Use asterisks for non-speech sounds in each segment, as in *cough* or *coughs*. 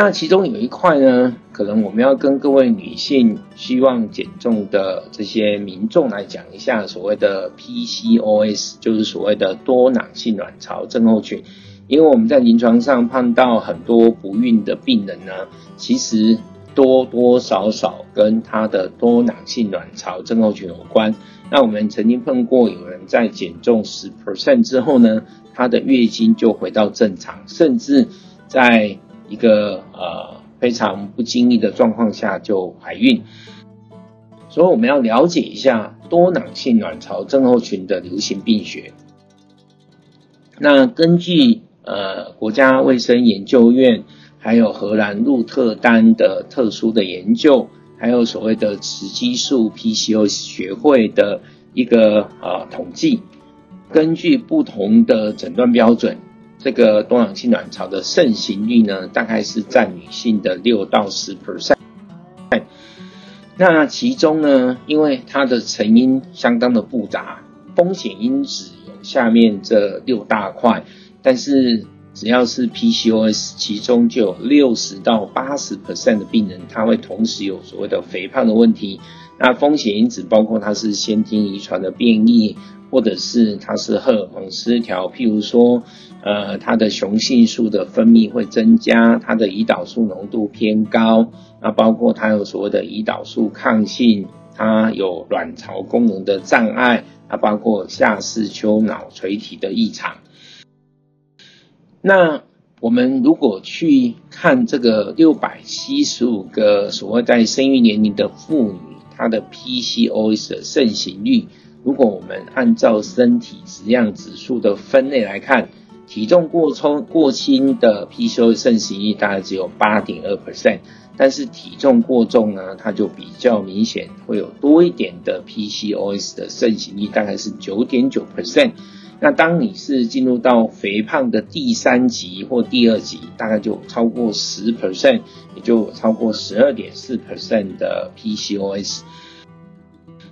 那其中有一塊呢，可能我們要跟各位女性希望減重的這些民眾來講一下所謂的 PCOS，就是所謂的多囊性卵巢症候群。因為我們在臨床上碰到很多不孕的病人呢，其實多多少少跟他的多囊性卵巢症候群有關。那我們曾經碰過有人在減重十 percent 之後呢，他的月經就回到正常，甚至在一個呃非常不經意的狀況下就懷孕，所以我們要了解一下多囊性卵巢症候群的流行病學。那根據呃國家衛生研究院，還有荷蘭鹿特丹的特殊的研究，還有所謂的雌激素 PCO 學會的一個呃統計，根據不同的診斷標準。這個多囊性卵巢的盛行率呢，大概是佔女性的六到十 percent。那其中呢，因為它的成因相當的複雜，風險因子有下面這六大塊。但是只要是 PCOS，其中就有六十到八十 percent 的病人，他會同時有所謂的肥胖的問題。那風險因子包括它是先天遺傳的變異，或者是它是荷爾蒙失調，譬如說，呃，它的雄性素的分泌會增加，它的胰島素濃度偏高，那包括它有所謂的胰島素抗性，它有卵巢功能的障礙，啊，包括下視丘腦垂體的異常。那我們如果去看這個六百七十五個所謂在生育年齡的婦女，它的 PCOS 的盛行率，如果我們按照身體質量指數的分類來看，體重過重過輕的 PCOS 盛行率大概只有八點二 percent，但是體重過重呢，它就比較明顯會有多一點的 PCOS 的盛行率，大概是九點九 percent。那當你是進入到肥胖的第三級或第二級，大概就超過十 percent，也就超過十二點四 percent 的 PCOS。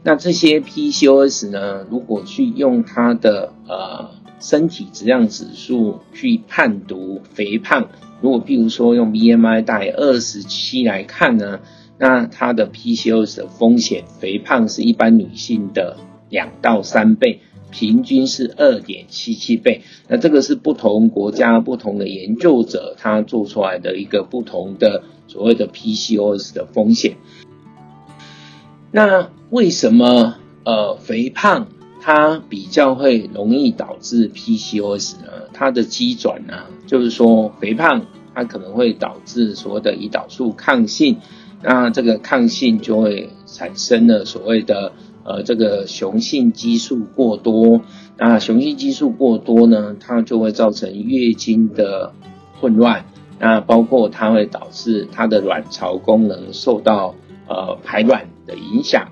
那這些 PCOS 呢，如果去用它的呃身體質量指數去判讀肥胖，如果譬如說用 BMI 大約二十七來看呢，那它的 PCOS 的風險，肥胖是一般女性的兩到三倍。平均是二點七七倍，那這個是不同國家、不同的研究者他做出來的一個不同的所謂的 PCOS 的風險。那為什麼呃肥胖它比較會容易導致 PCOS 呢？它的機轉呢，就是說肥胖它可能會導致所謂的胰島素抗性，那這個抗性就會產生了所謂的。呃，這個雄性激素過多，那雄性激素過多呢，它就會造成月經的混亂，那包括它會導致它的卵巢功能受到呃排卵的影響，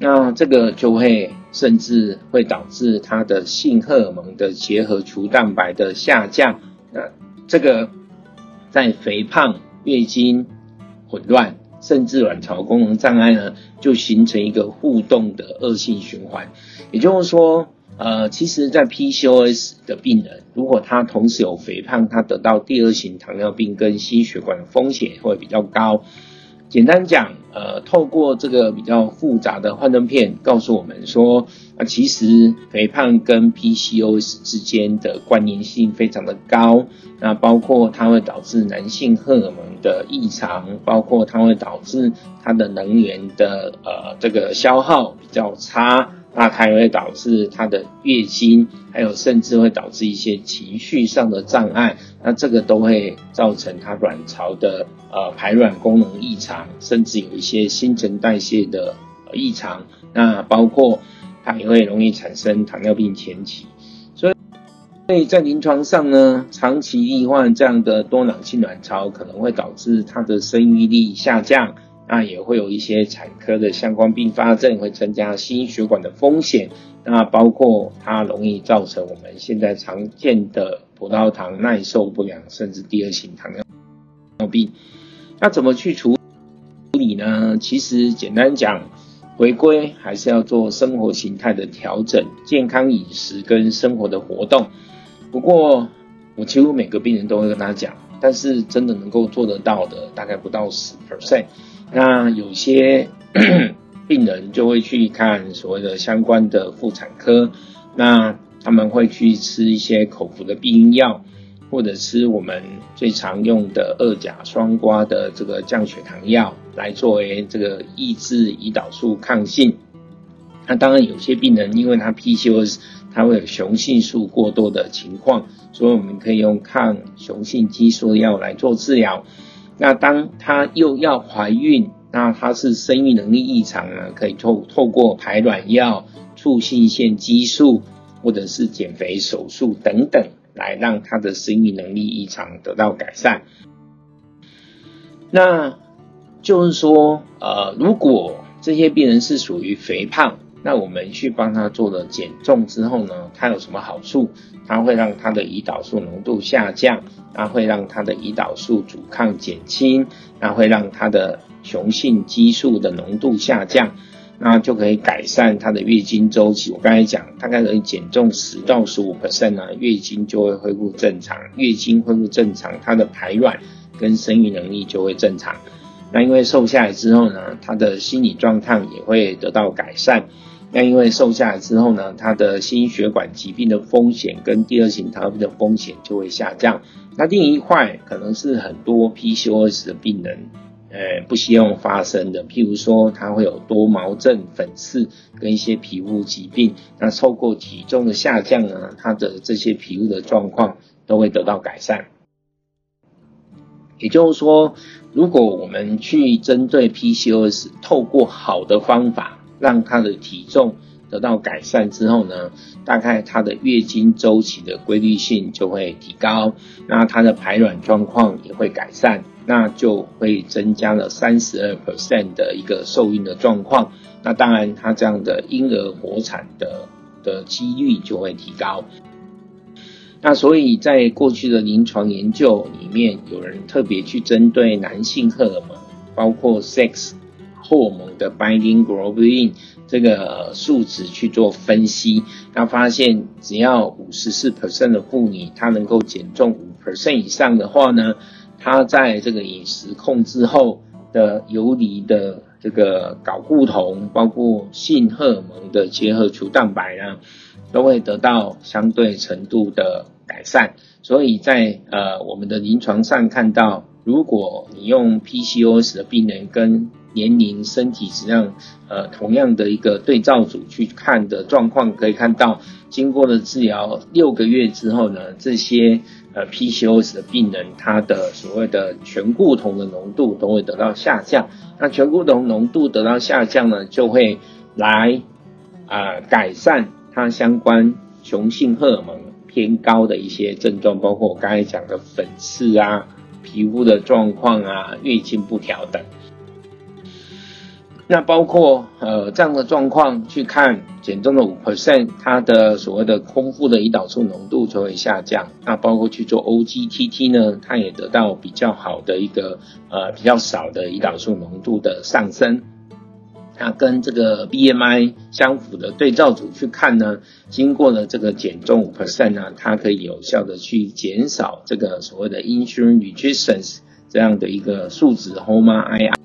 那這個就會甚至會導致它的性荷爾蒙的結合球蛋白的下降，那這個在肥胖月經混亂。甚至卵巢功能障礙呢，就形成一個互動的惡性循環。也就是說，呃，其實，在 PCOS 的病人，如果他同時有肥胖，他得到第二型糖尿病跟心血管的風險會比較高。簡單講，呃，透過這個比較複雜的幻燈片，告訴我們說，啊，其實肥胖跟 PCOS 之間的關聯性非常的高，那包括它會導致男性荷爾蒙的異常，包括它會導致它的能源的呃這個消耗比較差。那它也會導致她的月經，還有甚至會導致一些情緒上的障礙。那這個都會造成她卵巢的呃排卵功能異常，甚至有一些新陳代謝的呃、異常。那包括它也會容易產生糖尿病前期。所以，所以在臨床上呢，長期罹患這樣的多囊性卵巢，可能會導致它的生育力下降。那也會有一些產科的相關併發症，會增加心血管的風險。那包括它容易造成我們現在常見的葡萄糖耐受不良，甚至第二型糖尿病。那怎麼去處理呢？其實簡單講，回歸還是要做生活型態的調整，健康飲食跟生活的活動。不過我幾乎每個病人都會跟他講，但是真的能夠做得到的，大概不到十 percent。那有些 *coughs* 病人就會去看所謂的相關的婦產科，那他們會去吃一些口服的避孕藥，或者吃我們最常用的二甲雙胍，的這個降血糖藥來作為這個抑制胰島素抗性。那當然有些病人因為他 PCOS，他會有雄性素過多的情況，所以我們可以用抗雄性激素的藥來做治療。那當她又要懷孕，那她是生育能力異常呢，可以透透過排卵藥、促性腺激素，或者是減肥手術等等，來讓她的生育能力異常得到改善。那就是說，呃，如果這些病人是屬於肥胖。那我們去幫他做了減重之後呢，它有什麼好處？它會讓他的胰島素濃度下降，它會讓他的胰島素阻抗減輕，那會讓他的雄性激素的濃度下降，那就可以改善他的月經週期。我剛才講，大概可以減重十到十五 percent 呢，月經就會恢復正常，月經恢復正常，他的排卵跟生育能力就會正常。那因為瘦下來之後呢，他的心理狀態也會得到改善。那因為瘦下來之後呢，他的心血管疾病的風險跟第二型糖尿病的風險就會下降。那另一塊可能是很多 PCOS 的病人，呃，不希望發生的，譬如說他會有多毛症、粉刺跟一些皮膚疾病。那透過體重的下降呢，他的這些皮膚的狀況都會得到改善。也就是說，如果我們去針對 PCOS，透過好的方法。讓他的體重得到改善之後呢，大概他的月經週期的規律性就會提高，那他的排卵狀況也會改善，那就會增加了三十二 percent 的一個受孕的狀況，那當然他這樣的嬰兒活產的的幾率就會提高。那所以在過去的臨床研究裡面，有人特別去針對男性荷爾蒙，包括 sex。荷爾蒙的 binding globulin 這個數值去做分析，他發現只要五十四 percent 的婦女，她能夠減重五 percent 以上的話呢，她在這個飲食控制後的游離的這個睾固酮，包括性荷爾蒙的結合球蛋白啊，都會得到相對程度的改善。所以在呃我們的臨床上看到，如果你用 PCOS 的病人跟年齡、身體質量，呃，同樣的一個對照組去看的狀況，可以看到，經過了治療六個月之後呢，這些呃 PCOS 的病人，他的所謂的醛固酮的濃度都會得到下降。那醛固酮濃度得到下降呢，就會來啊、呃、改善它相關雄性荷爾蒙偏高的一些症狀，包括我剛才講的粉刺啊、皮膚的狀況啊、月經不調等。那包括呃這樣的狀況去看減重的五 percent，它的所謂的空腹的胰島素濃度就會下降。那包括去做 OGTT 呢，它也得到比較好的一個呃比較少的胰島素濃度的上升。那跟這個 BMI 相符的對照組去看呢，經過了這個減重五 percent 呢，它可以有效的去減少這個所謂的 insulin resistance 這樣的一個數值 HOMA-IR。II